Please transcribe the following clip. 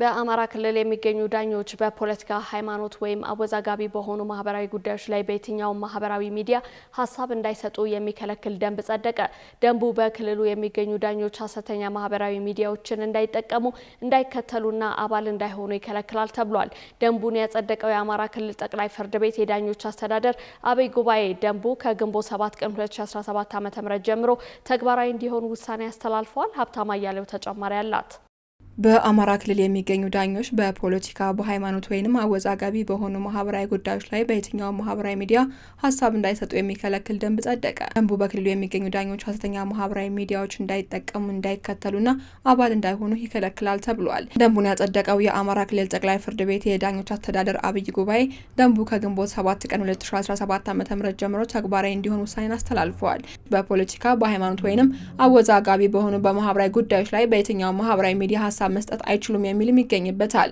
በአማራ ክልል የሚገኙ ዳኞች በፖለቲካ ሃይማኖት፣ ወይም አወዛጋቢ በሆኑ ማህበራዊ ጉዳዮች ላይ በየትኛውም ማህበራዊ ሚዲያ ሀሳብ እንዳይሰጡ የሚከለክል ደንብ ጸደቀ። ደንቡ በክልሉ የሚገኙ ዳኞች ሀሰተኛ ማህበራዊ ሚዲያዎችን እንዳይጠቀሙ፣ እንዳይከተሉና አባል እንዳይሆኑ ይከለክላል ተብሏል። ደንቡን ያጸደቀው የአማራ ክልል ጠቅላይ ፍርድ ቤት የዳኞች አስተዳደር አብይ ጉባኤ ደንቡ ከግንቦት 7 ቀን 2017 ዓ.ም ጀምሮ ተግባራዊ እንዲሆን ውሳኔ አስተላልፈዋል። ሀብታማ እያሌው ተጨማሪ አላት። በአማራ ክልል የሚገኙ ዳኞች በፖለቲካ በሃይማኖት ወይንም አወዛጋቢ በሆኑ ማህበራዊ ጉዳዮች ላይ በየትኛውም ማህበራዊ ሚዲያ ሀሳብ እንዳይሰጡ የሚከለክል ደንብ ጸደቀ። ደንቡ በክልሉ የሚገኙ ዳኞች ሀሰተኛ ማህበራዊ ሚዲያዎች እንዳይጠቀሙ፣ እንዳይከተሉና አባል እንዳይሆኑ ይከለክላል ተብሏል። ደንቡን ያጸደቀው የአማራ ክልል ጠቅላይ ፍርድ ቤት የዳኞች አስተዳደር አብይ ጉባኤ ደንቡ ከግንቦት 7 ቀን 2017 ዓ ም ጀምሮ ተግባራዊ እንዲሆን ውሳኔን አስተላልፈዋል። በፖለቲካ በሃይማኖት ወይንም አወዛጋቢ በሆኑ በማህበራዊ ጉዳዮች ላይ በየትኛውም ማህበራዊ ሚዲያ ሀሳብ ሀሳብ መስጠት አይችሉም የሚልም ይገኝበታል።